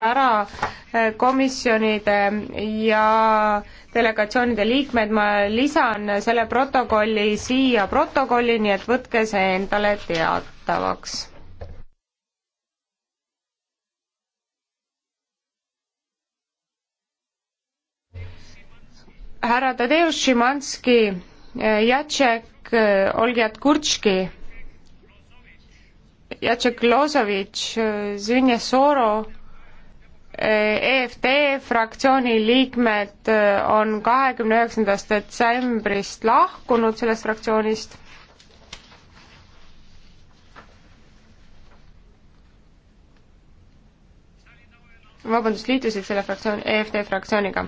ära äh, komisjonide ja delegatsioonide liikmed, ma lisan selle protokolli siia protokolli, nii et võtke see endale teatavaks. härra Tadeusz Šimanski, äh, Jacek äh, Olgjat Kurtški, Jacek Lozovitš, Zvinja Soro, EFD fraktsiooni liikmed äh, on kahekümne üheksandast detsembrist lahkunud sellest fraktsioonist. vabandust, liitusid selle fraktsiooni, EFD fraktsiooniga